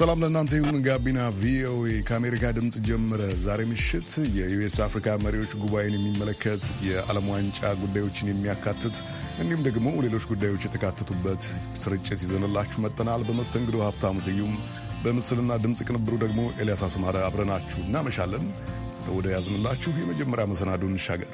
ሰላም ለእናንተ ይሁን። ጋቢና ቪኦኤ ከአሜሪካ ድምፅ ጀምረ ዛሬ ምሽት የዩኤስ አፍሪካ መሪዎች ጉባኤን የሚመለከት የዓለም ዋንጫ ጉዳዮችን የሚያካትት እንዲሁም ደግሞ ሌሎች ጉዳዮች የተካተቱበት ስርጭት ይዘንላችሁ መጠናል። በመስተንግዶ ሀብታሙ ስዩም፣ በምስልና ድምፅ ቅንብሩ ደግሞ ኤልያስ አስማረ አብረናችሁ እናመሻለን። ወደ ያዝንላችሁ የመጀመሪያ መሰናዶ እንሻገር።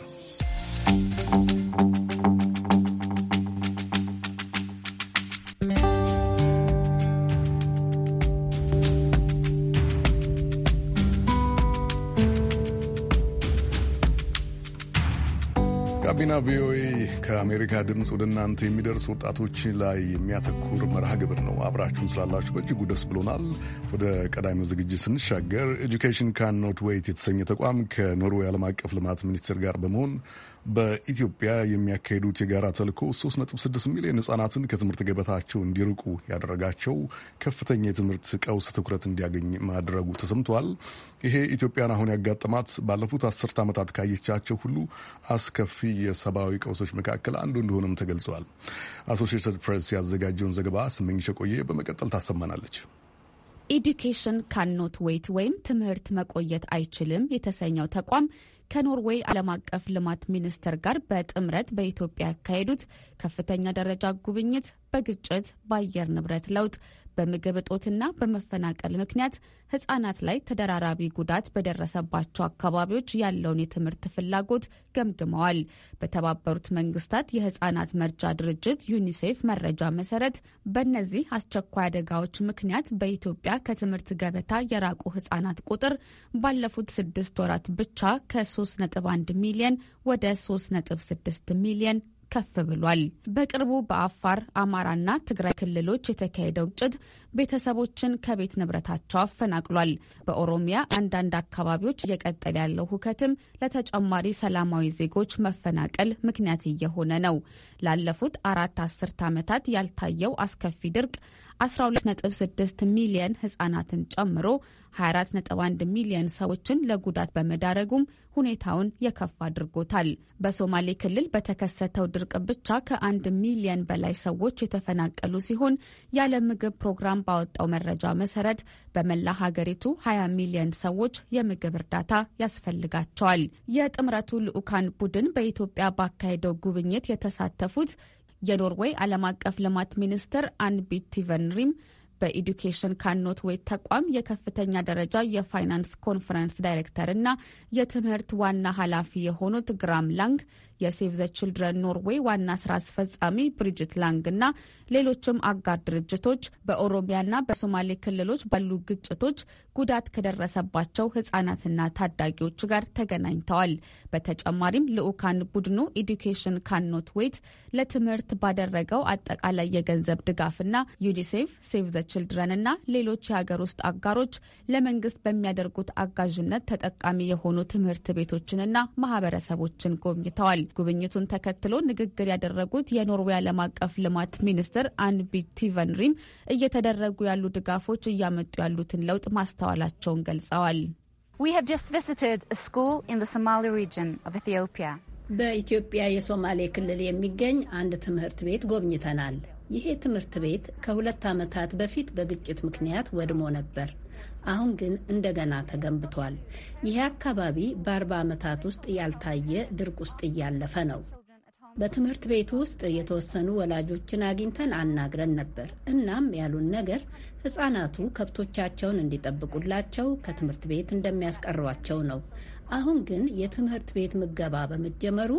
ጋቢና ቪኦኤ ከአሜሪካ ድምፅ ወደ እናንተ የሚደርስ ወጣቶች ላይ የሚያተኩር መርሃ ግብር ነው። አብራችሁን ስላላችሁ በእጅጉ ደስ ብሎናል። ወደ ቀዳሚው ዝግጅት ስንሻገር ኤጁኬሽን ካን ኖት ዌይት የተሰኘ ተቋም ከኖርዌይ ዓለም አቀፍ ልማት ሚኒስቴር ጋር በመሆን በኢትዮጵያ የሚያካሂዱት የጋራ ተልእኮ 3.6 ሚሊዮን ህጻናትን ከትምህርት ገበታቸው እንዲርቁ ያደረጋቸው ከፍተኛ የትምህርት ቀውስ ትኩረት እንዲያገኝ ማድረጉ ተሰምቷል። ይሄ ኢትዮጵያን አሁን ያጋጠማት ባለፉት አስርት ዓመታት ካየቻቸው ሁሉ አስከፊ ሰብአዊ ቀውሶች መካከል አንዱ እንደሆነም ተገልጿል። አሶሺየትድ ፕሬስ ያዘጋጀውን ዘገባ ስመኝሽ ቆየ በመቀጠል ታሰማናለች። ኤዱኬሽን ካኖት ዌይት ወይም ትምህርት መቆየት አይችልም የተሰኘው ተቋም ከኖርዌይ ዓለም አቀፍ ልማት ሚኒስቴር ጋር በጥምረት በኢትዮጵያ ያካሄዱት ከፍተኛ ደረጃ ጉብኝት በግጭት፣ በአየር ንብረት ለውጥ፣ በምግብ እጦትና በመፈናቀል ምክንያት ህጻናት ላይ ተደራራቢ ጉዳት በደረሰባቸው አካባቢዎች ያለውን የትምህርት ፍላጎት ገምግመዋል። በተባበሩት መንግስታት የህጻናት መርጃ ድርጅት ዩኒሴፍ መረጃ መሰረት በእነዚህ አስቸኳይ አደጋዎች ምክንያት በኢትዮጵያ ከትምህርት ገበታ የራቁ ህጻናት ቁጥር ባለፉት ስድስት ወራት ብቻ ከ3.1 ሚሊየን ወደ 3.6 ሚሊየን ከፍ ብሏል። በቅርቡ በአፋር አማራና ትግራይ ክልሎች የተካሄደው ግጭት ቤተሰቦችን ከቤት ንብረታቸው አፈናቅሏል። በኦሮሚያ አንዳንድ አካባቢዎች እየቀጠለ ያለው ሁከትም ለተጨማሪ ሰላማዊ ዜጎች መፈናቀል ምክንያት እየሆነ ነው። ላለፉት አራት አስርት ዓመታት ያልታየው አስከፊ ድርቅ 12.6 ሚሊየን ህጻናትን ጨምሮ 24.1 ሚሊየን ሰዎችን ለጉዳት በመዳረጉም ሁኔታውን የከፍ አድርጎታል። በሶማሌ ክልል በተከሰተው ድርቅ ብቻ ከአንድ ሚሊየን በላይ ሰዎች የተፈናቀሉ ሲሆን የዓለም ምግብ ፕሮግራም ባወጣው መረጃ መሰረት በመላ ሀገሪቱ 20 ሚሊየን ሰዎች የምግብ እርዳታ ያስፈልጋቸዋል። የጥምረቱ ልዑካን ቡድን በኢትዮጵያ ባካሄደው ጉብኝት የተሳተፉት የኖርዌይ ዓለም አቀፍ ልማት ሚኒስትር አንቢቲ ቨንሪም በኢዱኬሽን ካኖት ዌት ተቋም የከፍተኛ ደረጃ የፋይናንስ ኮንፈረንስ ዳይሬክተር እና የትምህርት ዋና ኃላፊ የሆኑት ግራም ላንግ የሴቭ ዘ ችልድረን ኖርዌይ ዋና ስራ አስፈጻሚ ብሪጅት ላንግ እና ሌሎችም አጋር ድርጅቶች በኦሮሚያና በሶማሌ ክልሎች ባሉ ግጭቶች ጉዳት ከደረሰባቸው ህጻናትና ታዳጊዎች ጋር ተገናኝተዋል። በተጨማሪም ልዑካን ቡድኑ ኢዱኬሽን ካኖት ዌት ለትምህርት ባደረገው አጠቃላይ የገንዘብ ድጋፍና ዩኒሴፍ፣ ሴቭ ዘ ችልድረን እና ሌሎች የሀገር ውስጥ አጋሮች ለመንግስት በሚያደርጉት አጋዥነት ተጠቃሚ የሆኑ ትምህርት ቤቶችንና ማህበረሰቦችን ጎብኝተዋል። ጉብኝቱን ተከትሎ ንግግር ያደረጉት የኖርዌይ ዓለም አቀፍ ልማት ሚኒስትር ሚኒስትር አንቢት ቲቨንሪም እየተደረጉ ያሉ ድጋፎች እያመጡ ያሉትን ለውጥ ማስተዋላቸውን ገልጸዋል። በኢትዮጵያ የሶማሌ ክልል የሚገኝ አንድ ትምህርት ቤት ጎብኝተናል። ይሄ ትምህርት ቤት ከሁለት ዓመታት በፊት በግጭት ምክንያት ወድሞ ነበር። አሁን ግን እንደገና ተገንብቷል። ይሄ አካባቢ በአርባ ዓመታት ውስጥ ያልታየ ድርቅ ውስጥ እያለፈ ነው። በትምህርት ቤቱ ውስጥ የተወሰኑ ወላጆችን አግኝተን አናግረን ነበር። እናም ያሉን ነገር ሕጻናቱ ከብቶቻቸውን እንዲጠብቁላቸው ከትምህርት ቤት እንደሚያስቀሯቸው ነው። አሁን ግን የትምህርት ቤት ምገባ በመጀመሩ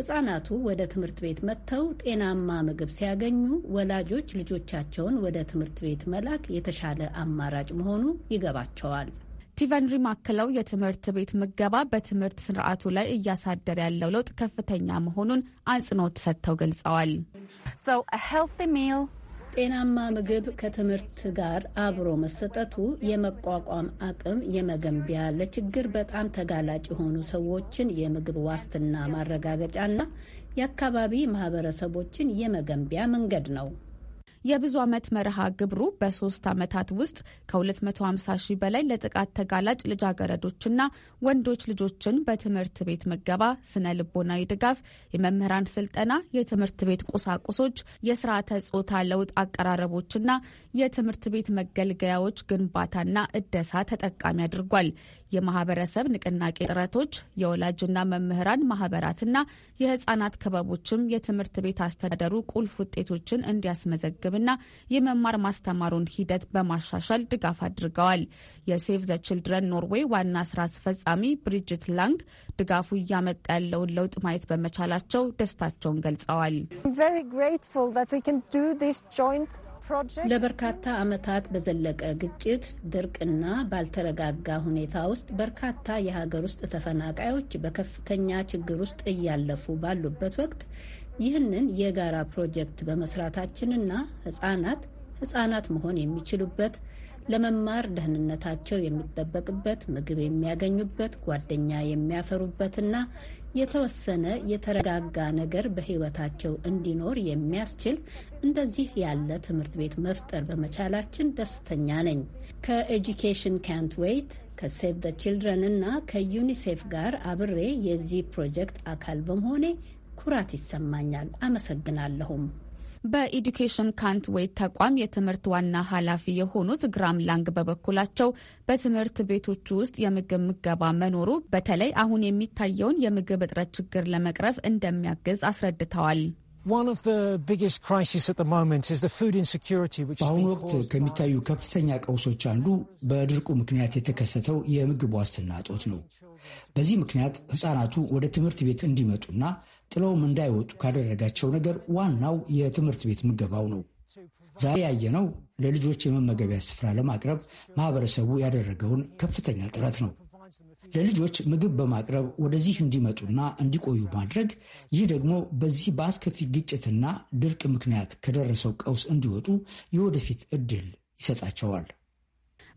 ሕጻናቱ ወደ ትምህርት ቤት መጥተው ጤናማ ምግብ ሲያገኙ ወላጆች ልጆቻቸውን ወደ ትምህርት ቤት መላክ የተሻለ አማራጭ መሆኑ ይገባቸዋል። ቲቨንሪ ማክለው የትምህርት ቤት ምገባ በትምህርት ስርዓቱ ላይ እያሳደረ ያለው ለውጥ ከፍተኛ መሆኑን አጽንኦት ሰጥተው ገልጸዋል። ጤናማ ምግብ ከትምህርት ጋር አብሮ መሰጠቱ የመቋቋም አቅም የመገንቢያ ለችግር በጣም ተጋላጭ የሆኑ ሰዎችን የምግብ ዋስትና ማረጋገጫና የአካባቢ ማህበረሰቦችን የመገንቢያ መንገድ ነው። የብዙ ዓመት መርሃ ግብሩ በሶስት ዓመታት ውስጥ ከ250 ሺህ በላይ ለጥቃት ተጋላጭ ልጃገረዶችና ወንዶች ልጆችን በትምህርት ቤት ምገባ፣ ስነ ልቦናዊ ድጋፍ፣ የመምህራን ስልጠና፣ የትምህርት ቤት ቁሳቁሶች፣ የስርዓተ ጾታ ለውጥ አቀራረቦችና የትምህርት ቤት መገልገያዎች ግንባታና እደሳ ተጠቃሚ አድርጓል። የማህበረሰብ ንቅናቄ ጥረቶች፣ የወላጅና መምህራን ማህበራትና የህጻናት ክበቦችም የትምህርት ቤት አስተዳደሩ ቁልፍ ውጤቶችን እንዲያስመዘግብና የመማር ማስተማሩን ሂደት በማሻሻል ድጋፍ አድርገዋል። የሴቭ ዘ ችልድረን ኖርዌይ ዋና ስራ አስፈጻሚ ብሪጅት ላንግ ድጋፉ እያመጣ ያለውን ለውጥ ማየት በመቻላቸው ደስታቸውን ገልጸዋል። ለበርካታ ዓመታት በዘለቀ ግጭት፣ ድርቅና ባልተረጋጋ ሁኔታ ውስጥ በርካታ የሀገር ውስጥ ተፈናቃዮች በከፍተኛ ችግር ውስጥ እያለፉ ባሉበት ወቅት ይህንን የጋራ ፕሮጀክት በመስራታችንና ህጻናት ህጻናት መሆን የሚችሉበት ለመማር ደህንነታቸው የሚጠበቅበት ምግብ የሚያገኙበት ጓደኛ የሚያፈሩበትና የተወሰነ የተረጋጋ ነገር በህይወታቸው እንዲኖር የሚያስችል እንደዚህ ያለ ትምህርት ቤት መፍጠር በመቻላችን ደስተኛ ነኝ። ከኤጁኬሽን ካንት ዌይት ከሴቭ ዘ ችልድረን እና ከዩኒሴፍ ጋር አብሬ የዚህ ፕሮጀክት አካል በመሆኔ ኩራት ይሰማኛል። አመሰግናለሁም። በኢዱኬሽን ካንት ዌይት ተቋም የትምህርት ዋና ኃላፊ የሆኑት ግራም ላንግ በበኩላቸው በትምህርት ቤቶች ውስጥ የምግብ ምገባ መኖሩ በተለይ አሁን የሚታየውን የምግብ እጥረት ችግር ለመቅረፍ እንደሚያግዝ አስረድተዋል። በአሁኑ ወቅት ከሚታዩ ከፍተኛ ቀውሶች አንዱ በድርቁ ምክንያት የተከሰተው የምግብ ዋስትና እጦት ነው። በዚህ ምክንያት ሕፃናቱ ወደ ትምህርት ቤት እንዲመጡና ጥለውም እንዳይወጡ ካደረጋቸው ነገር ዋናው የትምህርት ቤት ምገባው ነው። ዛሬ ያየነው ለልጆች የመመገቢያ ስፍራ ለማቅረብ ማህበረሰቡ ያደረገውን ከፍተኛ ጥረት ነው። ለልጆች ምግብ በማቅረብ ወደዚህ እንዲመጡና እንዲቆዩ ማድረግ፣ ይህ ደግሞ በዚህ በአስከፊ ግጭትና ድርቅ ምክንያት ከደረሰው ቀውስ እንዲወጡ የወደፊት እድል ይሰጣቸዋል።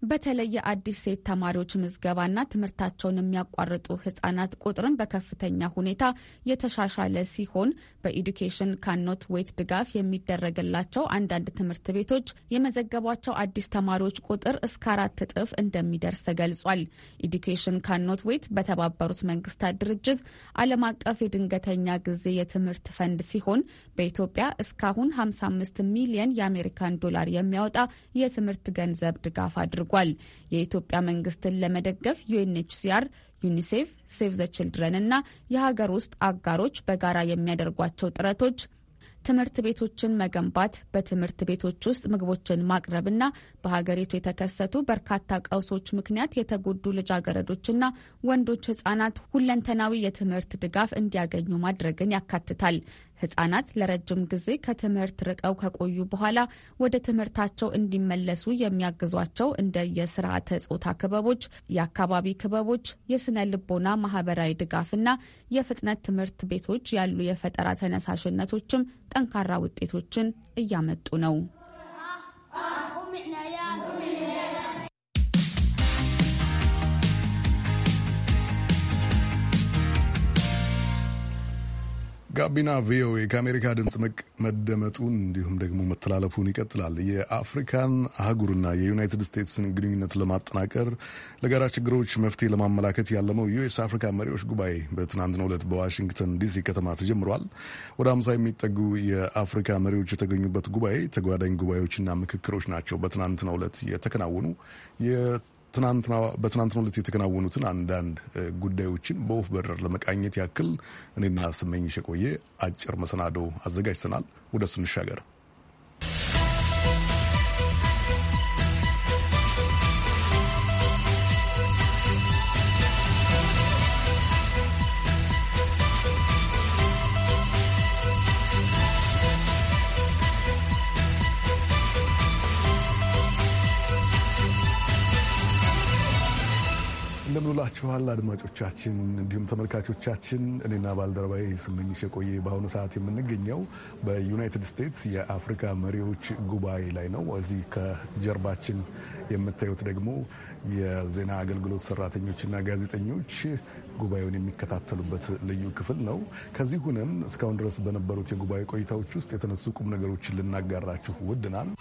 በተለይ የአዲስ ሴት ተማሪዎች ምዝገባና ትምህርታቸውን የሚያቋርጡ ህጻናት ቁጥርን በከፍተኛ ሁኔታ የተሻሻለ ሲሆን በኢዱኬሽን ካኖት ዌት ድጋፍ የሚደረግላቸው አንዳንድ ትምህርት ቤቶች የመዘገቧቸው አዲስ ተማሪዎች ቁጥር እስከ አራት እጥፍ እንደሚደርስ ተገልጿል። ኢዱኬሽን ካኖት ዌት በተባበሩት መንግስታት ድርጅት ዓለም አቀፍ የድንገተኛ ጊዜ የትምህርት ፈንድ ሲሆን በኢትዮጵያ እስካሁን 55 ሚሊየን የአሜሪካን ዶላር የሚያወጣ የትምህርት ገንዘብ ድጋፍ አድርጓል። አድርጓል። የኢትዮጵያ መንግስትን ለመደገፍ ዩኤንኤችሲአር፣ ዩኒሴፍ፣ ሴቭ ዘ ችልድረን እና የሀገር ውስጥ አጋሮች በጋራ የሚያደርጓቸው ጥረቶች ትምህርት ቤቶችን መገንባት፣ በትምህርት ቤቶች ውስጥ ምግቦችን ማቅረብና በሀገሪቱ የተከሰቱ በርካታ ቀውሶች ምክንያት የተጎዱ ልጃገረዶችና ወንዶች ህጻናት ሁለንተናዊ የትምህርት ድጋፍ እንዲያገኙ ማድረግን ያካትታል። ህጻናት ለረጅም ጊዜ ከትምህርት ርቀው ከቆዩ በኋላ ወደ ትምህርታቸው እንዲመለሱ የሚያግዟቸው እንደ የስርዓተ ጾታ ክበቦች፣ የአካባቢ ክበቦች፣ የስነ ልቦና ማህበራዊ ድጋፍና የፍጥነት ትምህርት ቤቶች ያሉ የፈጠራ ተነሳሽነቶችም ጠንካራ ውጤቶችን እያመጡ ነው። ጋቢና ቪኦኤ ከአሜሪካ ድምፅ መደመጡን እንዲሁም ደግሞ መተላለፉን ይቀጥላል። የአፍሪካን አህጉርና የዩናይትድ ስቴትስን ግንኙነት ለማጠናቀር ለጋራ ችግሮች መፍትሄ ለማመላከት ያለመው ዩኤስ አፍሪካ መሪዎች ጉባኤ በትናንትናው ዕለት በዋሽንግተን ዲሲ ከተማ ተጀምሯል። ወደ አምሳ የሚጠጉ የአፍሪካ መሪዎች የተገኙበት ጉባኤ ተጓዳኝ ጉባኤዎችና ምክክሮች ናቸው በትናንትናው ዕለት የተከናወኑ በትናንትናው ዕለት የተከናወኑትን አንዳንድ ጉዳዮችን በወፍ በረር ለመቃኘት ያክል እኔና ስመኝሽ የቆየ አጭር መሰናዶ አዘጋጅተናል። ወደ እሱ እንሻገር። እንደምንላችኋል አድማጮቻችን፣ እንዲሁም ተመልካቾቻችን። እኔና ባልደረባዬ ስመኝሽ የቆየ በአሁኑ ሰዓት የምንገኘው በዩናይትድ ስቴትስ የአፍሪካ መሪዎች ጉባኤ ላይ ነው። እዚህ ከጀርባችን የምታዩት ደግሞ የዜና አገልግሎት ሰራተኞችና ጋዜጠኞች ጉባኤውን የሚከታተሉበት ልዩ ክፍል ነው። ከዚህ ሁነን እስካሁን ድረስ በነበሩት የጉባኤ ቆይታዎች ውስጥ የተነሱ ቁም ነገሮችን ልናጋራችሁ ውድናል።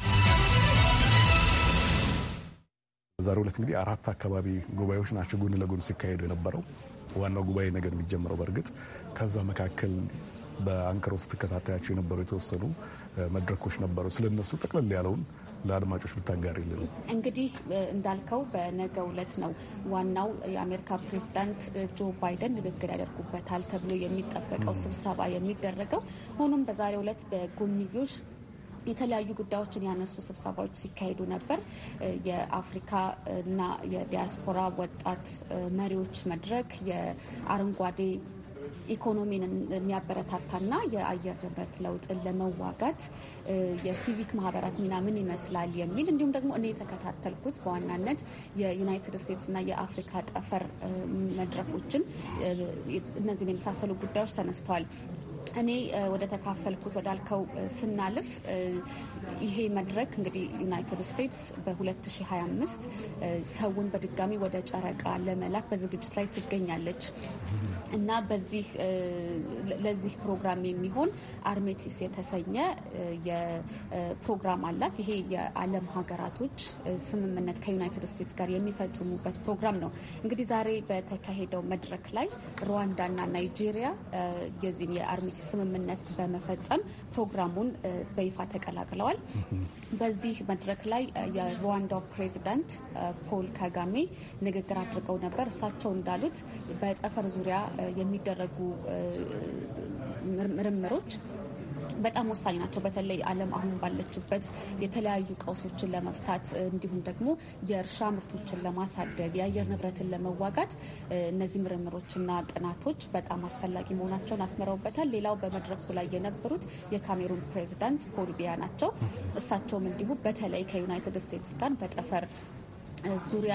በዛሬው ዕለት እንግዲህ አራት አካባቢ ጉባኤዎች ናቸው ጎን ለጎን ሲካሄዱ የነበረው። ዋናው ጉባኤ ነገር የሚጀምረው በእርግጥ ከዛ መካከል በአንክሮ ውስጥ የነበሩ የተወሰኑ መድረኮች ነበሩ። ስለነሱ ጠቅለል ያለውን ለአድማጮች ብታጋሪልን። እንግዲህ እንዳልከው በነገ ዕለት ነው ዋናው የአሜሪካ ፕሬዚዳንት ጆ ባይደን ንግግር ያደርጉበታል ተብሎ የሚጠበቀው ስብሰባ የሚደረገው። ሆኖም በዛሬው ዕለት በጎንዮሽ የተለያዩ ጉዳዮችን ያነሱ ስብሰባዎች ሲካሄዱ ነበር። የአፍሪካ እና የዲያስፖራ ወጣት መሪዎች መድረክ የአረንጓዴ ኢኮኖሚን የሚያበረታታና የአየር ንብረት ለውጥን ለመዋጋት የሲቪክ ማህበራት ሚና ምን ይመስላል የሚል እንዲሁም ደግሞ እኔ የተከታተልኩት በዋናነት የዩናይትድ ስቴትስና የአፍሪካ ጠፈር መድረኮችን እነዚህን የመሳሰሉ ጉዳዮች ተነስተዋል። እኔ ወደ ተካፈልኩት ወዳልከው ስናልፍ ይሄ መድረክ እንግዲህ ዩናይትድ ስቴትስ በ2025 ሰውን በድጋሚ ወደ ጨረቃ ለመላክ በዝግጅት ላይ ትገኛለች እና በዚህ ለዚህ ፕሮግራም የሚሆን አርሜቲስ የተሰኘ የፕሮግራም አላት። ይሄ የዓለም ሀገራቶች ስምምነት ከዩናይትድ ስቴትስ ጋር የሚፈጽሙበት ፕሮግራም ነው። እንግዲህ ዛሬ በተካሄደው መድረክ ላይ ሩዋንዳና ናይጄሪያ የዚህን የአርሜቲስ ስምምነት በመፈጸም ፕሮግራሙን በይፋ ተቀላቅለዋል። በዚህ መድረክ ላይ የሩዋንዳው ፕሬዚዳንት ፖል ካጋሜ ንግግር አድርገው ነበር። እሳቸው እንዳሉት በጠፈር ዙሪያ የሚደረጉ ምርምሮች በጣም ወሳኝ ናቸው። በተለይ ዓለም አሁን ባለችበት የተለያዩ ቀውሶችን ለመፍታት እንዲሁም ደግሞ የእርሻ ምርቶችን ለማሳደግ የአየር ንብረትን ለመዋጋት እነዚህ ምርምሮችና ጥናቶች በጣም አስፈላጊ መሆናቸውን አስምረውበታል። ሌላው በመድረኩ ላይ የነበሩት የካሜሩን ፕሬዚዳንት ፖል ቢያ ናቸው። እሳቸውም እንዲሁ በተለይ ከዩናይትድ ስቴትስ ጋር በጠፈር ዙሪያ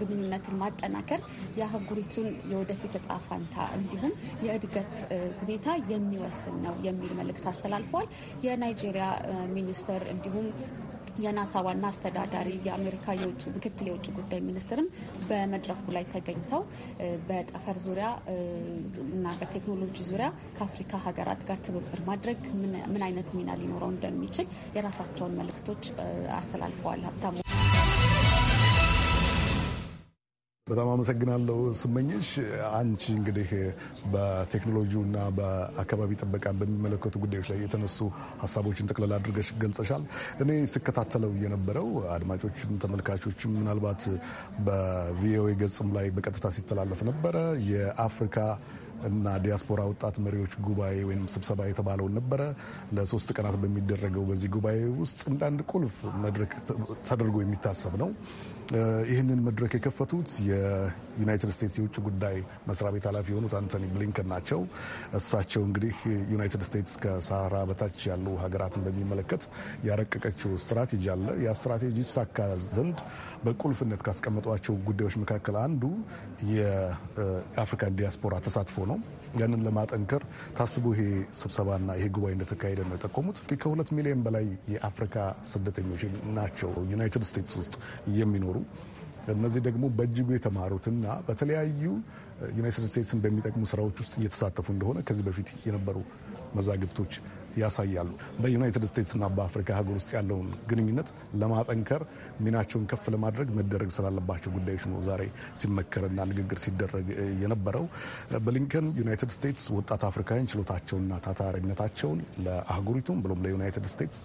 ግንኙነትን ማጠናከር የአህጉሪቱን የወደፊት እጣ እንዲሁም የእድገት ሁኔታ የሚወስን ነው የሚል መልእክት አስተላልፏል። የናይጄሪያ ሚኒስትር እንዲሁም የናሳ ዋና አስተዳዳሪ የአሜሪካ የውጭ ምክትል የውጭ ጉዳይ ሚኒስትርም በመድረኩ ላይ ተገኝተው በጠፈር ዙሪያ እና በቴክኖሎጂ ዙሪያ ከአፍሪካ ሀገራት ጋር ትብብር ማድረግ ምን አይነት ሚና ሊኖረው እንደሚችል የራሳቸውን መልእክቶች አስተላልፈዋል። ሀብታሙ በጣም አመሰግናለሁ ስመኝሽ። አንቺ እንግዲህ ና በአካባቢ ጥበቃ በሚመለከቱ ጉዳዮች ላይ የተነሱ ሀሳቦችን ጠቅለል አድርገሽ ገልጸሻል። እኔ ስከታተለው የነበረው አድማጮችም ተመልካቾችም ምናልባት በቪኦኤ ገጽም ላይ በቀጥታ ሲተላለፍ ነበረ የአፍሪካ እና ዲያስፖራ ወጣት መሪዎች ጉባኤ ወይም ስብሰባ የተባለውን ነበረ። ለሶስት ቀናት በሚደረገው በዚህ ጉባኤ ውስጥ እንዳንድ ቁልፍ መድረክ ተደርጎ የሚታሰብ ነው። ይህንን መድረክ የከፈቱት የዩናይትድ ስቴትስ የውጭ ጉዳይ መስሪያ ቤት ኃላፊ የሆኑት አንቶኒ ብሊንከን ናቸው። እሳቸው እንግዲህ ዩናይትድ ስቴትስ ከሳራ በታች ያሉ ሀገራትን በሚመለከት ያረቀቀችው ስትራቴጂ አለ። ያ ስትራቴጂ ሳካ ዘንድ በቁልፍነት ካስቀመጧቸው ጉዳዮች መካከል አንዱ የአፍሪካን ዲያስፖራ ተሳትፎ ነው። ያንን ለማጠንከር ታስቦ ይሄ ስብሰባና ይሄ ጉባኤ እንደተካሄደ ነው የጠቆሙት። ከሁለት ሚሊዮን በላይ የአፍሪካ ስደተኞች ናቸው ዩናይትድ ስቴትስ ውስጥ የሚኖሩ እነዚህ ደግሞ በእጅጉ የተማሩትና በተለያዩ ዩናይትድ ስቴትስን በሚጠቅሙ ስራዎች ውስጥ እየተሳተፉ እንደሆነ ከዚህ በፊት የነበሩ መዛግብቶች ያሳያሉ። በዩናይትድ ስቴትስና በአፍሪካ ሀገር ውስጥ ያለውን ግንኙነት ለማጠንከር ሚናቸውን ከፍ ለማድረግ መደረግ ስላለባቸው ጉዳዮች ነው ዛሬ ሲመከርና ንግግር ሲደረግ የነበረው። ብሊንከን ዩናይትድ ስቴትስ ወጣት አፍሪካውያን ችሎታቸውንና ታታሪነታቸውን ለአህጉሪቱም ብሎም ለዩናይትድ ስቴትስ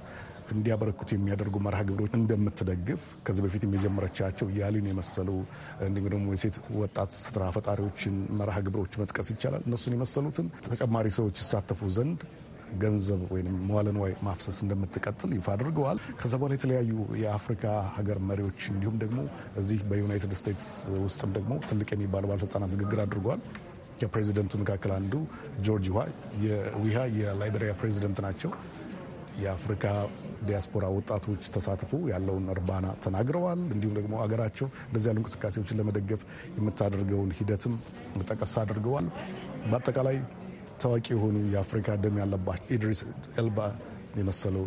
እንዲያበረክቱ የሚያደርጉ መርሃ ግብሮች እንደምትደግፍ ከዚህ በፊት የጀመረቻቸው ያሊን የመሰሉ እንዲሁም ደግሞ የሴት ወጣት ስራ ፈጣሪዎችን መርሃ ግብሮች መጥቀስ ይቻላል። እነሱን የመሰሉትን ተጨማሪ ሰዎች ይሳተፉ ዘንድ ገንዘብ ወይም መዋለ ንዋይ ማፍሰስ እንደምትቀጥል ይፋ አድርገዋል። ከዛ በኋላ የተለያዩ የአፍሪካ ሀገር መሪዎች እንዲሁም ደግሞ እዚህ በዩናይትድ ስቴትስ ውስጥም ደግሞ ትልቅ የሚባሉ ባለስልጣናት ንግግር አድርገዋል። ከፕሬዚደንቱ መካከል አንዱ ጆርጅ ዊሃ የላይቤሪያ ፕሬዚደንት ናቸው። የአፍሪካ ዲያስፖራ ወጣቶች ተሳትፎ ያለውን እርባና ተናግረዋል። እንዲሁም ደግሞ አገራቸው እንደዚህ ያሉ እንቅስቃሴዎችን ለመደገፍ የምታደርገውን ሂደትም ጠቀስ አድርገዋል። በአጠቃላይ ታዋቂ የሆኑ የአፍሪካ ደም ያለባቸው ኢድሪስ ኤልባ የመሰለው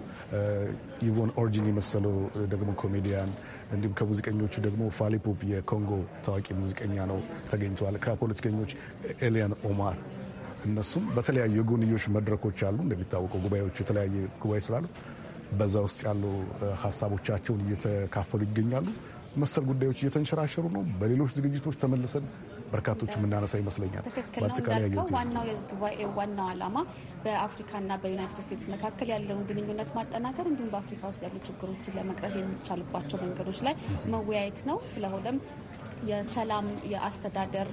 ኢቮን ኦርጂን የመሰለው ደግሞ ኮሜዲያን እንዲሁም ከሙዚቀኞቹ ደግሞ ፋሊፖፕ የኮንጎ ታዋቂ ሙዚቀኛ ነው ተገኝተዋል። ከፖለቲከኞች ኤልያን ኦማር እነሱም በተለያዩ የጎንዮሽ መድረኮች አሉ። እንደሚታወቀው ጉባኤዎች የተለያየ ጉባኤ ስላሉ በዛ ውስጥ ያሉ ሀሳቦቻቸውን እየተካፈሉ ይገኛሉ። መሰል ጉዳዮች እየተንሸራሸሩ ነው። በሌሎች ዝግጅቶች ተመልሰን በርካቶች የምናነሳ ይመስለኛል። በአጠቃላይ ዋናው የጉባኤ ዋናው ዓላማ በአፍሪካና በዩናይትድ ስቴትስ መካከል ያለውን ግንኙነት ማጠናከር እንዲሁም በአፍሪካ ውስጥ ያሉ ችግሮችን ለመቅረፍ የሚቻልባቸው መንገዶች ላይ መወያየት ነው። ስለሆነም የሰላም፣ የአስተዳደር፣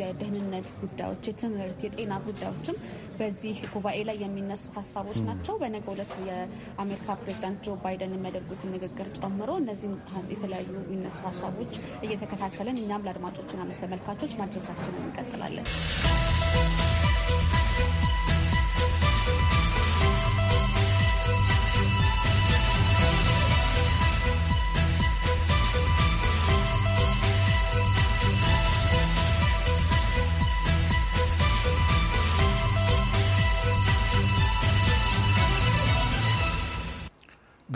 የደህንነት ጉዳዮች፣ የትምህርት፣ የጤና ጉዳዮችም በዚህ ጉባኤ ላይ የሚነሱ ሀሳቦች ናቸው። በነገው ዕለት የአሜሪካ ፕሬዚዳንት ጆ ባይደን የሚያደርጉትን ንግግር ጨምሮ እነዚህም የተለያዩ የሚነሱ ሀሳቦች እየተከታተለን እኛም ለአድማጮችና ለተመልካቾች ማድረሳችንን እንቀጥላለን።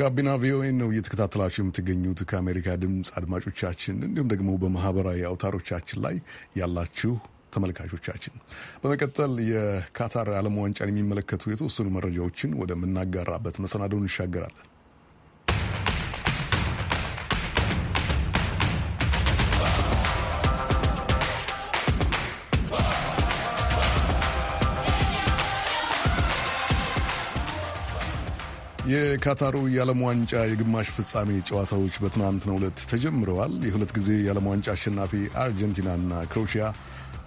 ጋቢና ቪኦኤን ነው እየተከታተላችሁ የምትገኙት ከአሜሪካ ድምፅ አድማጮቻችን፣ እንዲሁም ደግሞ በማህበራዊ አውታሮቻችን ላይ ያላችሁ ተመልካቾቻችን። በመቀጠል የካታር ዓለም ዋንጫን የሚመለከቱ የተወሰኑ መረጃዎችን ወደምናጋራበት መሰናዶ እንሻገራለን። የካታሩ የዓለም ዋንጫ የግማሽ ፍጻሜ ጨዋታዎች በትናንትናው ዕለት ተጀምረዋል። የሁለት ጊዜ የዓለም ዋንጫ አሸናፊ አርጀንቲናና ክሮኤሺያ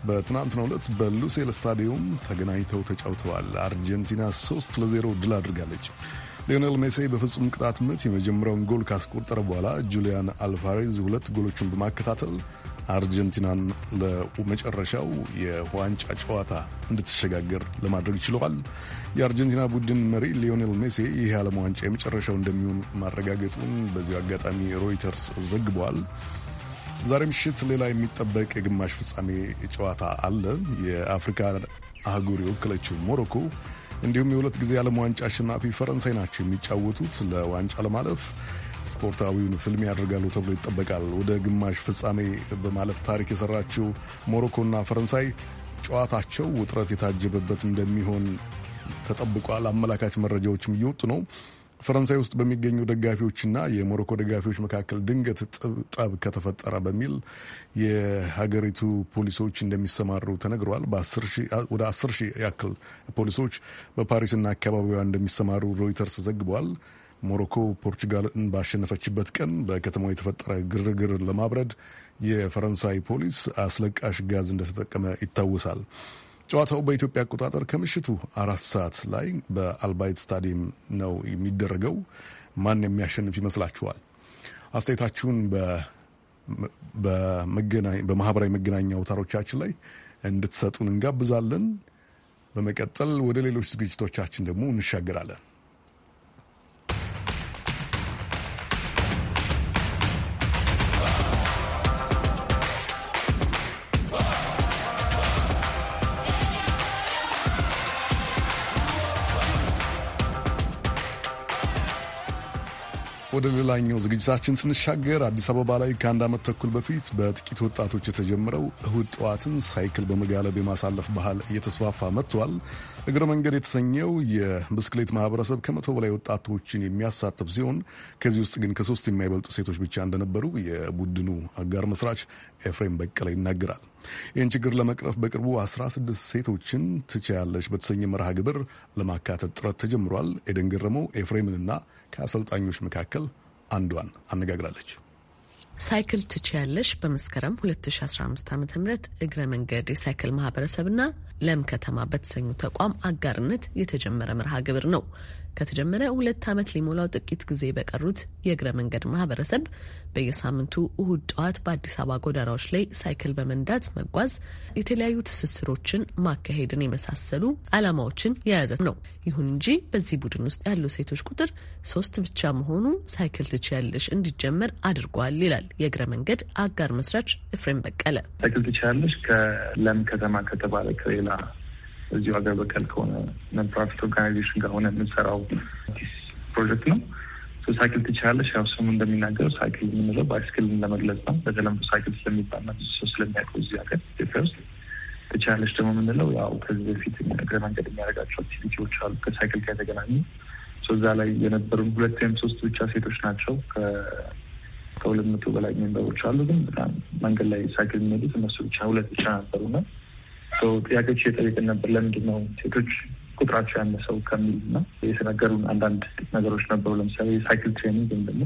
በትናንትናው ዕለት በሉሴል ስታዲየም ተገናኝተው ተጫውተዋል። አርጀንቲና ሶስት ለዜሮ ድል አድርጋለች። ሊዮኔል ሜሴ በፍጹም ቅጣት ምት የመጀመሪያውን ጎል ካስቆጠረ በኋላ ጁሊያን አልቫሬዝ ሁለት ጎሎቹን በማከታተል አርጀንቲናን ለመጨረሻው የዋንጫ ጨዋታ እንድትሸጋገር ለማድረግ ችለዋል። የአርጀንቲና ቡድን መሪ ሊዮኔል ሜሲ ይህ የዓለም ዋንጫ የመጨረሻው እንደሚሆን ማረጋገጡን በዚሁ አጋጣሚ ሮይተርስ ዘግቧል። ዛሬ ምሽት ሌላ የሚጠበቅ የግማሽ ፍጻሜ ጨዋታ አለ። የአፍሪካ አህጉር የወከለችው ሞሮኮ እንዲሁም የሁለት ጊዜ ዓለም ዋንጫ አሸናፊ ፈረንሳይ ናቸው የሚጫወቱት ለዋንጫ ለማለፍ ስፖርታዊውን ፍልሚያ ያደርጋሉ ተብሎ ይጠበቃል። ወደ ግማሽ ፍጻሜ በማለፍ ታሪክ የሰራችው ሞሮኮና ፈረንሳይ ጨዋታቸው ውጥረት የታጀበበት እንደሚሆን ተጠብቋል። አመላካች መረጃዎችም እየወጡ ነው። ፈረንሳይ ውስጥ በሚገኙ ደጋፊዎችና የሞሮኮ ደጋፊዎች መካከል ድንገት ጠብ ከተፈጠረ በሚል የሀገሪቱ ፖሊሶች እንደሚሰማሩ ተነግረዋል። ወደ አስር ሺህ ያክል ፖሊሶች በፓሪስና አካባቢዋ እንደሚሰማሩ ሮይተርስ ዘግቧል። ሞሮኮ ፖርቹጋልን ባሸነፈችበት ቀን በከተማው የተፈጠረ ግርግር ለማብረድ የፈረንሳይ ፖሊስ አስለቃሽ ጋዝ እንደተጠቀመ ይታወሳል። ጨዋታው በኢትዮጵያ አቆጣጠር ከምሽቱ አራት ሰዓት ላይ በአልባይት ስታዲየም ነው የሚደረገው። ማን የሚያሸንፍ ይመስላችኋል? አስተያየታችሁን በማህበራዊ መገናኛ አውታሮቻችን ላይ እንድትሰጡን እንጋብዛለን። በመቀጠል ወደ ሌሎች ዝግጅቶቻችን ደግሞ እንሻገራለን። ወደ ሌላኛው ዝግጅታችን ስንሻገር አዲስ አበባ ላይ ከአንድ ዓመት ተኩል በፊት በጥቂት ወጣቶች የተጀመረው እሁድ ጠዋትን ሳይክል በመጋለብ የማሳለፍ ባህል እየተስፋፋ መጥቷል። እግረ መንገድ የተሰኘው የብስክሌት ማህበረሰብ ከመቶ በላይ ወጣቶችን የሚያሳትፍ ሲሆን ከዚህ ውስጥ ግን ከሶስት የማይበልጡ ሴቶች ብቻ እንደነበሩ የቡድኑ አጋር መስራች ኤፍሬም በቀለ ይናገራል። ይህን ችግር ለመቅረፍ በቅርቡ 16 ሴቶችን ትችያለሽ በተሰኘ መርሃ ግብር ለማካተት ጥረት ተጀምሯል። ኤደን ገረመው ኤፍሬምንና ከአሰልጣኞች መካከል አንዷን አነጋግራለች። ሳይክል ትችያለሽ በመስከረም 2015 ዓ ም እግረ መንገድ የሳይክል ማህበረሰብና ለም ከተማ በተሰኙ ተቋም አጋርነት የተጀመረ መርሃ ግብር ነው። ከተጀመረ ሁለት ዓመት ሊሞላው ጥቂት ጊዜ በቀሩት የእግረ መንገድ ማህበረሰብ በየሳምንቱ እሁድ ጠዋት በአዲስ አበባ ጎዳናዎች ላይ ሳይክል በመንዳት መጓዝ፣ የተለያዩ ትስስሮችን ማካሄድን የመሳሰሉ ዓላማዎችን የያዘ ነው። ይሁን እንጂ በዚህ ቡድን ውስጥ ያሉ ሴቶች ቁጥር ሶስት ብቻ መሆኑ ሳይክል ትችያለሽ እንዲጀመር አድርጓል ይላል የእግረ መንገድ አጋር መስራች ኤፍሬም በቀለ። ሳይክል ትችያለሽ ከለም ከተማ ከተባለ ከሌላ እዚሁ ሀገር በቀል ከሆነ ነን ኦርጋናይዜሽን ጋር ሆነ የምንሰራው አዲስ ፕሮጀክት ነው። ሳይክል ትችላለች። ያው ስሙ እንደሚናገረው ሳይክል የምንለው ባይስክልን ለመግለጽ ነው። በተለምዶ ሳይክል ስለሚባልና ብዙ ሰው ስለሚያውቀው እዚህ ሀገር ኢትዮጵያ ውስጥ ትችላለች ደግሞ የምንለው ያው ከዚህ በፊት እግረ መንገድ የሚያደርጋቸው አክቲቪቲዎች አሉ ከሳይክል ጋር የተገናኙ እዛ ላይ የነበሩን ሁለት ወይም ሶስት ብቻ ሴቶች ናቸው። ከሁለት መቶ በላይ ሜምበሮች አሉ። ግን በጣም መንገድ ላይ ሳይክል የሚሄዱት እነሱ ብቻ ሁለት ብቻ ነበሩ ነው ሰው ጥያቄዎች እየጠየቅን ነበር። ለምንድን ነው ሴቶች ቁጥራቸው ያነሰው ከሚል እና የተነገሩን አንዳንድ ነገሮች ነበሩ። ለምሳሌ የሳይክል ትሬኒንግ ወይም ደግሞ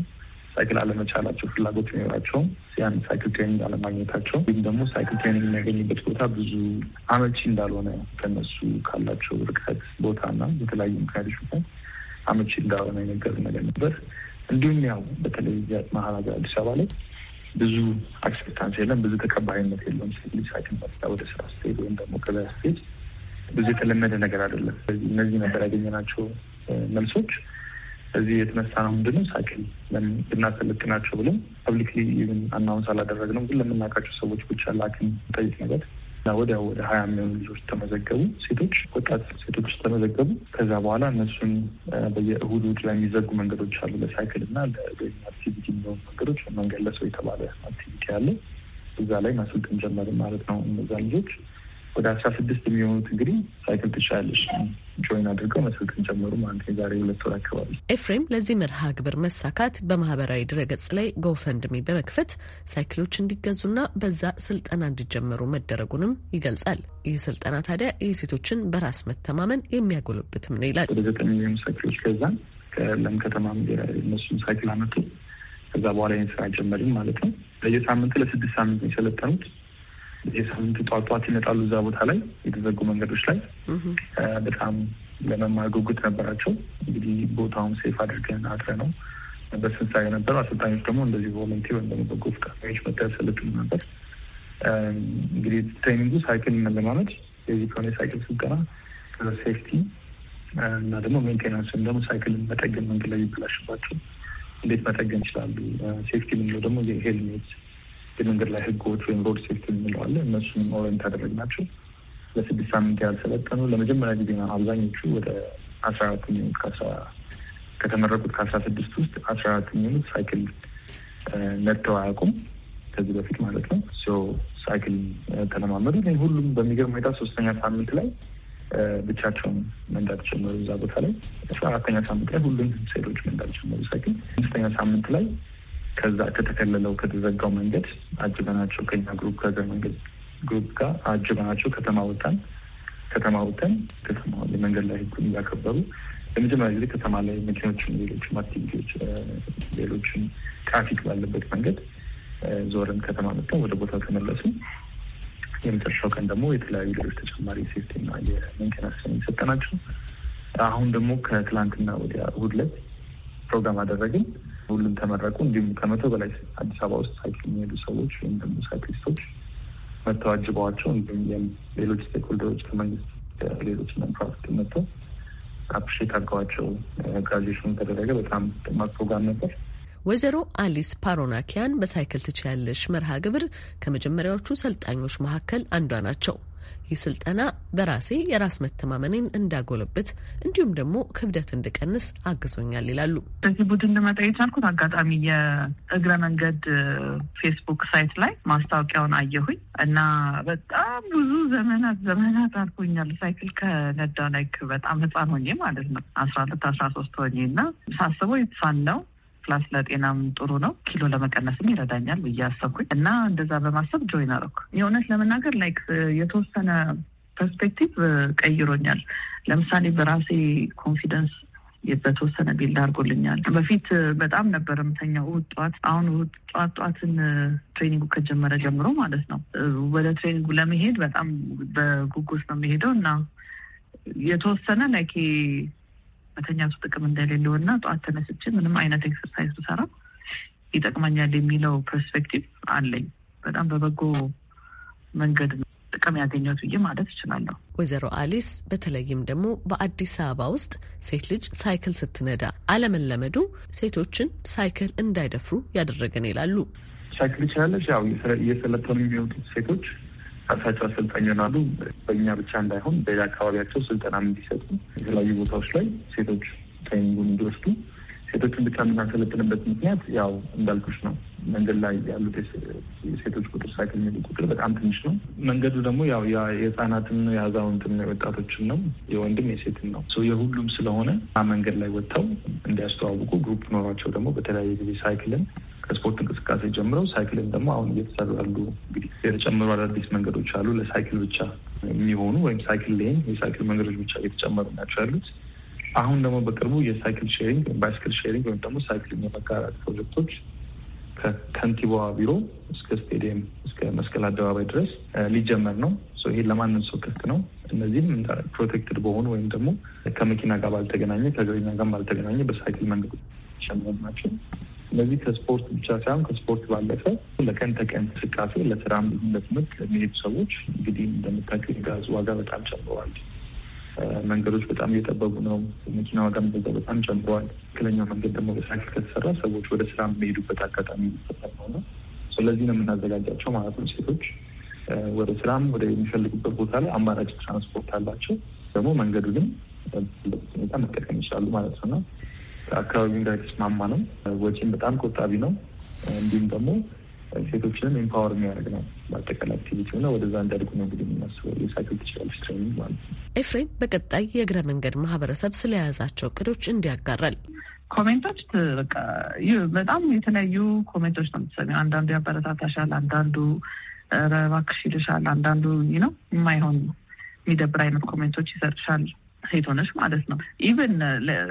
ሳይክል አለመቻላቸው፣ ፍላጎት የሚኖራቸው ያን ሳይክል ትሬኒንግ አለማግኘታቸው ወይም ደግሞ ሳይክል ትሬኒንግ የሚያገኝበት ቦታ ብዙ አመቺ እንዳልሆነ ከነሱ ካላቸው ርቀት ቦታና የተለያዩ ምክንያቶች ምክንያት አመቺ እንዳልሆነ የነገሩ ነገር ነበር። እንዲሁም ያው በተለይ መሀል ሀገር አዲስ አበባ ላይ ብዙ አክሴፕታንስ የለም፣ ብዙ ተቀባይነት የለውም። ሴት ልጅ ሐኪም ወደ ስራ ስትሄድ ወይም ደግሞ ገበያ ስትሄድ ብዙ የተለመደ ነገር አይደለም። ስለዚህ እነዚህ ነበር ያገኘናቸው መልሶች። እዚህ የተነሳ ነው ምንድነው ሳይክል ብናሰለጥናቸው ብለን ፐብሊክሊ አናውንስ አላደረግነው፣ ግን ለምናውቃቸው ሰዎች ብቻ ላክን ጠይቅ ነገር እና ወዲያው ወደ ሀያ የሚሆኑ ልጆች ተመዘገቡ። ሴቶች ወጣት ሴቶች ተመዘገቡ። ከዛ በኋላ እነሱን በየእሁድ እሁድ ላይ የሚዘጉ መንገዶች አሉ። ለሳይክል እና ለዶይንግ አክቲቪቲ የሚሆኑ መንገዶች መንገድ ለሰው የተባለ አክቲቪቲ አለ። እዛ ላይ ማሰልጠን ጀመርን ማለት ነው እነዛ ልጆች ወደ አስራ ስድስት የሚሆኑት እንግዲህ ሳይክል ትችላለች ጆይን አድርገው መስልክን ጀመሩ ማለት የዛሬ ሁለት ወር አካባቢ። ኤፍሬም ለዚህ መርሃ ግብር መሳካት በማህበራዊ ድረገጽ ላይ ጎፈንድሚ በመክፈት ሳይክሎች እንዲገዙና በዛ ስልጠና እንዲጀመሩ መደረጉንም ይገልጻል። ይህ ስልጠና ታዲያ የሴቶችን በራስ መተማመን የሚያጎለብትም ነው ይላል። ወደ ዘጠኝ የሚሆኑ ሳይክሎች ገዛን። ከለም ከተማ እነሱም ሳይክል አመቱ። ከዛ በኋላ ይህን ስራ ጀመርን ማለት ነው። ለየሳምንት ለስድስት ሳምንት የሰለጠኑት የሳምንቱ ጧጧት ይመጣሉ እዛ ቦታ ላይ የተዘጉ መንገዶች ላይ በጣም ለመማር ጉጉት ነበራቸው። እንግዲህ ቦታውን ሴፍ አድርገን አጥረ ነው በስንሳ ነበር። አሰልጣኞች ደግሞ እንደዚህ ቮለንቲር ወይም ደግሞ በጎ ፈቃደኞች መታየት ያሰለጥኑ ነበር። እንግዲህ ትሬኒንጉ ሳይክል መለማመድ የዚህ ከሆነ የሳይክል ስልጠና ከዛ ሴፍቲ እና ደግሞ ሜንቴናንስ ወይም ደግሞ ሳይክልን መጠገን መንገድ ላይ ይብላሽባቸው እንዴት መጠገን ይችላሉ። ሴፍቲ የምንለው ደግሞ የሄልሜት የመንገድ ላይ ህጎች ወይም ሮድ ሴፍቲ እንለዋለን። እነሱን ኦሬንት ያደረግናቸው ለስድስት ሳምንት ያልሰለጠኑ ለመጀመሪያ ጊዜ ነው። አብዛኞቹ ወደ አስራ አራት የሚሆኑት ከተመረቁት ከአስራ ስድስት ውስጥ አስራ አራት የሚሆኑት ሳይክል ነድተው አያውቁም ከዚህ በፊት ማለት ነው። ሳይክል ተለማመዱ። ሁሉም በሚገርም ሁኔታ ሶስተኛ ሳምንት ላይ ብቻቸውን መንዳት ጀመሩ። እዛ ቦታ ላይ አራተኛ ሳምንት ላይ ሁሉም ሴቶች መንዳት ጀመሩ ሳይክል። አምስተኛ ሳምንት ላይ ከዛ ከተከለለው ከተዘጋው መንገድ አጅበናቸው ከኛ ግሩፕ ከዛ መንገድ ግሩፕ ጋር አጅበናቸው ከተማ ወጣን። ከተማ ወጥተን ከተማ የመንገድ ላይ ህጉን እያከበሩ ለመጀመሪያ ጊዜ ከተማ ላይ መኪኖችን፣ ሌሎችም አክቲቪቲዎች፣ ሌሎችም ትራፊክ ባለበት መንገድ ዞረን ከተማ መጥተን ወደ ቦታ ተመለሱን። የመጨረሻው ቀን ደግሞ የተለያዩ ሌሎች ተጨማሪ ሴፍቲና የመንከናሰን ሰጠናቸው። አሁን ደግሞ ከትላንትና ወዲያ እሑድ ዕለት ፕሮግራም አደረግን። ሁሉም ተመረቁ። እንዲሁም ከመቶ በላይ አዲስ አበባ ውስጥ ሳይክል የሚሄዱ ሰዎች ወይም ደግሞ ሳይክሊስቶች መጥተው አጅበዋቸው እንዲሁም ሌሎች ስቴክሆልደሮች ከመንግስት ሌሎች መንፕራፍት መጥተው አፕሪሼት አድርገዋቸው ግራጁዌሽን ተደረገ። በጣም ደማቅ ፕሮግራም ነበር። ወይዘሮ አሊስ ፓሮናኪያን በሳይክል ትችያለሽ መርሃ ግብር ከመጀመሪያዎቹ ሰልጣኞች መካከል አንዷ ናቸው። ይህ ስልጠና በራሴ የራስ መተማመኔን እንዳጎለብት እንዲሁም ደግሞ ክብደት እንድቀንስ አግዞኛል ይላሉ። በዚህ ቡድን ልመጣ የቻልኩት አጋጣሚ የእግረ መንገድ ፌስቡክ ሳይት ላይ ማስታወቂያውን አየሁኝ እና በጣም ብዙ ዘመናት ዘመናት አልፎኛል ሳይክል ከነዳው ላይክ በጣም ህፃን ሆኜ ማለት ነው አስራ ሁለት አስራ ሶስት ሆኜ እና ሳስበው የተሳን ነው ፕላስ ለጤናም ጥሩ ነው። ኪሎ ለመቀነስም ይረዳኛል ብዬ አሰብኩኝ እና እንደዛ በማሰብ ጆይን አረኩ። የእውነት ለመናገር ላይክ የተወሰነ ፐርስፔክቲቭ ቀይሮኛል። ለምሳሌ በራሴ ኮንፊደንስ በተወሰነ ቢልድ አድርጎልኛል። በፊት በጣም ነበር የምተኛው እሑድ ጠዋት። አሁን እሑድ ጠዋት ጠዋትን ትሬኒንጉ ከጀመረ ጀምሮ ማለት ነው ወደ ትሬኒንጉ ለመሄድ በጣም በጉጉት ነው የሚሄደው እና የተወሰነ ላይክ መተኛቱ ጥቅም እንደሌለው እና ጠዋት ተነስቼ ምንም አይነት ኤክሰርሳይዝ ብሰራ ይጠቅመኛል የሚለው ፐርስፔክቲቭ አለኝ። በጣም በበጎ መንገድ ነው ጥቅም ያገኘት ብዬ ማለት እችላለሁ። ወይዘሮ አሊስ በተለይም ደግሞ በአዲስ አበባ ውስጥ ሴት ልጅ ሳይክል ስትነዳ አለመለመዱ ሴቶችን ሳይክል እንዳይደፍሩ ያደረገን ይላሉ። ሳይክል ይችላለች። ያው እየሰለጠኑ የሚወጡት ሴቶች ራሳቸው አሰልጣኝ ይሆናሉ። በእኛ ብቻ እንዳይሆን በሌላ አካባቢያቸው ስልጠናም እንዲሰጡ የተለያዩ ቦታዎች ላይ ሴቶች ትሬኒንጉን እንዲወስዱ ሴቶችን ብቻ የምናሰለጥንበት ምክንያት ያው እንዳልኩሽ ነው። መንገድ ላይ ያሉት የሴቶች ቁጥር ሳይክል የሚሄዱ ቁጥር በጣም ትንሽ ነው። መንገዱ ደግሞ ያው የህፃናትን ነው፣ የአዛውንትን ነው፣ የወጣቶችን ነው፣ የወንድም የሴትን ነው። የሁሉም ስለሆነ መንገድ ላይ ወጥተው እንዲያስተዋውቁ ግሩፕ ኖሯቸው ደግሞ በተለያየ ጊዜ ሳይክልን ከስፖርት እንቅስቃሴ ጀምረው ሳይክልን ደግሞ አሁን እየተሰሩ ያሉ እንግዲህ የተጨመሩ አዳዲስ መንገዶች አሉ ለሳይክል ብቻ የሚሆኑ ወይም ሳይክል ሌን የሳይክል መንገዶች ብቻ እየተጨመሩ ናቸው ያሉት። አሁን ደግሞ በቅርቡ የሳይክል ሼሪንግ ወይም ባይስክል ሼሪንግ ወይም ደግሞ ሳይክልን የመጋራት ፕሮጀክቶች ከከንቲባዋ ቢሮ እስከ ስቴዲየም እስከ መስቀል አደባባይ ድረስ ሊጀመር ነው። ይሄ ለማንም ሰው ክፍት ነው። እነዚህም ፕሮቴክትድ በሆኑ ወይም ደግሞ ከመኪና ጋር ባልተገናኘ ከእግረኛ ጋር ባልተገናኘ በሳይክል መንገዶች ናቸው። ስለዚህ ከስፖርት ብቻ ሳይሆን ከስፖርት ባለፈ ለቀን ተቀን እንቅስቃሴ ለስራም ይሁን ለትምህርት ለሚሄዱ ሰዎች እንግዲህ እንደምታውቀው የጋዝ ዋጋ በጣም ጨምረዋል። መንገዶች በጣም እየጠበቡ ነው። መኪና ዋጋ መገዛ በጣም ጨምረዋል። ትክክለኛው መንገድ ደግሞ በሳይክል ከተሰራ ሰዎች ወደ ስራ የሚሄዱበት አጋጣሚ ሊፈጠር ነው ነው ስለዚህ ነው የምናዘጋጃቸው ማለት ነው። ሴቶች ወደ ስራም ወደ የሚፈልጉበት ቦታ ላይ አማራጭ ትራንስፖርት አላቸው። ደግሞ መንገዱ ግን ሁኔታ መጠቀም ይችላሉ ማለት ነው ከአካባቢው ጋር የተስማማ ነው። ወጪም በጣም ቆጣቢ ነው። እንዲሁም ደግሞ ሴቶችንም ኤምፓወር የሚያደርግ ነው። በአጠቃላይ አክቲቪቲ ሆነ ወደዛ እንዳድጉ ነው እንግዲህ የምናስበው የሳይክል ትችላለች ትሬኒንግ ማለት ነው። ኤፍሬም በቀጣይ የእግረ መንገድ ማህበረሰብ ስለያዛቸው እቅዶች እንዲያጋራል። ኮሜንቶች በቃ በጣም የተለያዩ ኮሜንቶች ነው የምትሰሚው። አንዳንዱ ያበረታታሻል፣ አንዳንዱ እባክሽ ይልሻል፣ አንዳንዱ ነው የማይሆን የሚደብር አይነት ኮሜንቶች ይሰጥሻል። ሴት ሆነሽ ማለት ነው። ኢቨን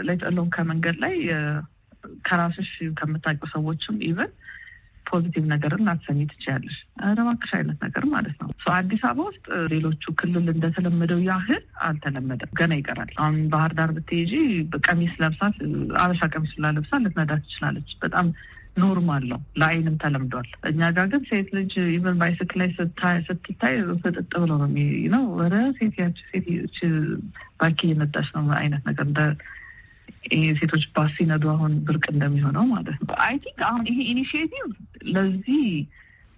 ለጠለውን ከመንገድ ላይ ከራስሽ ከምታውቂው ሰዎችም ኢቨን ፖዚቲቭ ነገርን ላትሰሚ ትችያለሽ። ረባክሽ አይነት ነገር ማለት ነው። አዲስ አበባ ውስጥ ሌሎቹ ክልል እንደተለመደው ያህል አልተለመደም፣ ገና ይቀራል። አሁን ባህር ዳር ብትሄጂ ቀሚስ ለብሳት አበሻ ቀሚስ ላለብሳ ልትነዳ ትችላለች። በጣም ኖርማል ነው፣ ለአይንም ተለምዷል። እኛ ጋር ግን ሴት ልጅ ኢቨን ባይስክ ላይ ስትታይ ፍጥጥ ብሎ ነው ነው ወደ ሴት ያች ሴት ባኪ የመጣች ነው አይነት ነገር እንደ ሴቶች ባስ ሲነዱ አሁን ብርቅ እንደሚሆነው ማለት ነው። አይ ቲንክ አሁን ይሄ ኢኒሽቲቭ ለዚህ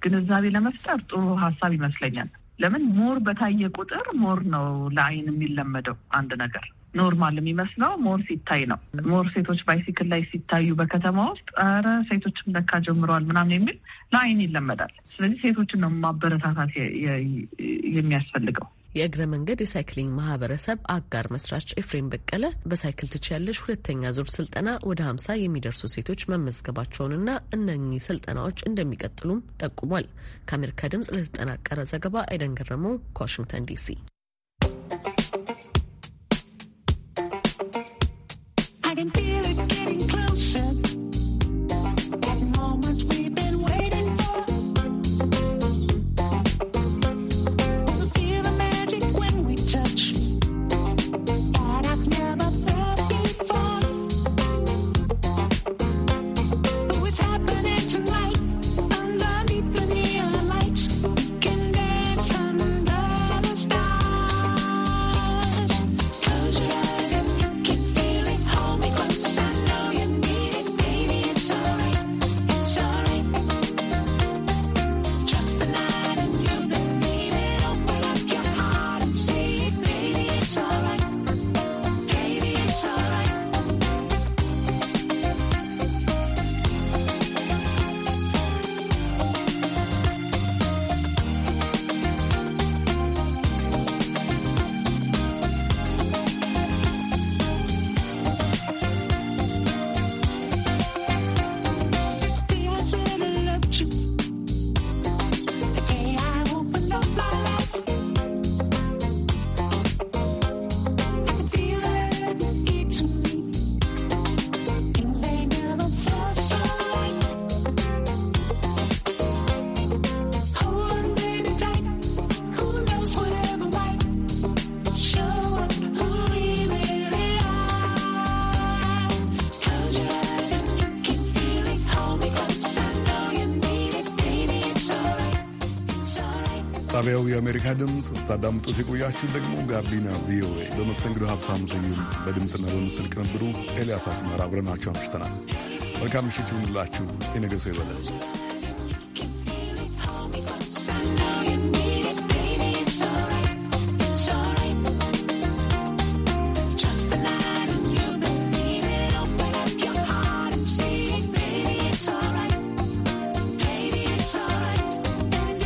ግንዛቤ ለመፍጠር ጥሩ ሀሳብ ይመስለኛል። ለምን ሞር በታየ ቁጥር ሞር ነው ለአይን የሚለመደው አንድ ነገር ኖርማል የሚመስለው ሞር ሲታይ ነው። ሞር ሴቶች ባይሲክል ላይ ሲታዩ በከተማ ውስጥ ኧረ ሴቶችም ለካ ጀምረዋል ምናምን የሚል ለአይን ይለመዳል። ስለዚህ ሴቶችን ነው ማበረታታት የሚያስፈልገው። የእግረ መንገድ የሳይክሊንግ ማህበረሰብ አጋር መስራች ኤፍሬም በቀለ በሳይክል ትችያለሽ ሁለተኛ ዙር ስልጠና ወደ ሀምሳ የሚደርሱ ሴቶች መመዝገባቸውንና እነኚህ ስልጠናዎች እንደሚቀጥሉም ጠቁሟል። ከአሜሪካ ድምጽ ለተጠናቀረ ዘገባ አይደን ገረመው ከዋሽንግተን ዲሲ ስታዳምጡት የቆያችሁ ደግሞ ጋቢና ቪኦኤ በመስተንግዶ ሀብታሙ ስዩም፣ በድምፅና በምስል ቅንብሩ ኤልያስ አስመራ አብረናችሁ አምሽተናል። መልካም ምሽት ይሁንላችሁ። የነገ ሰው ይበለን።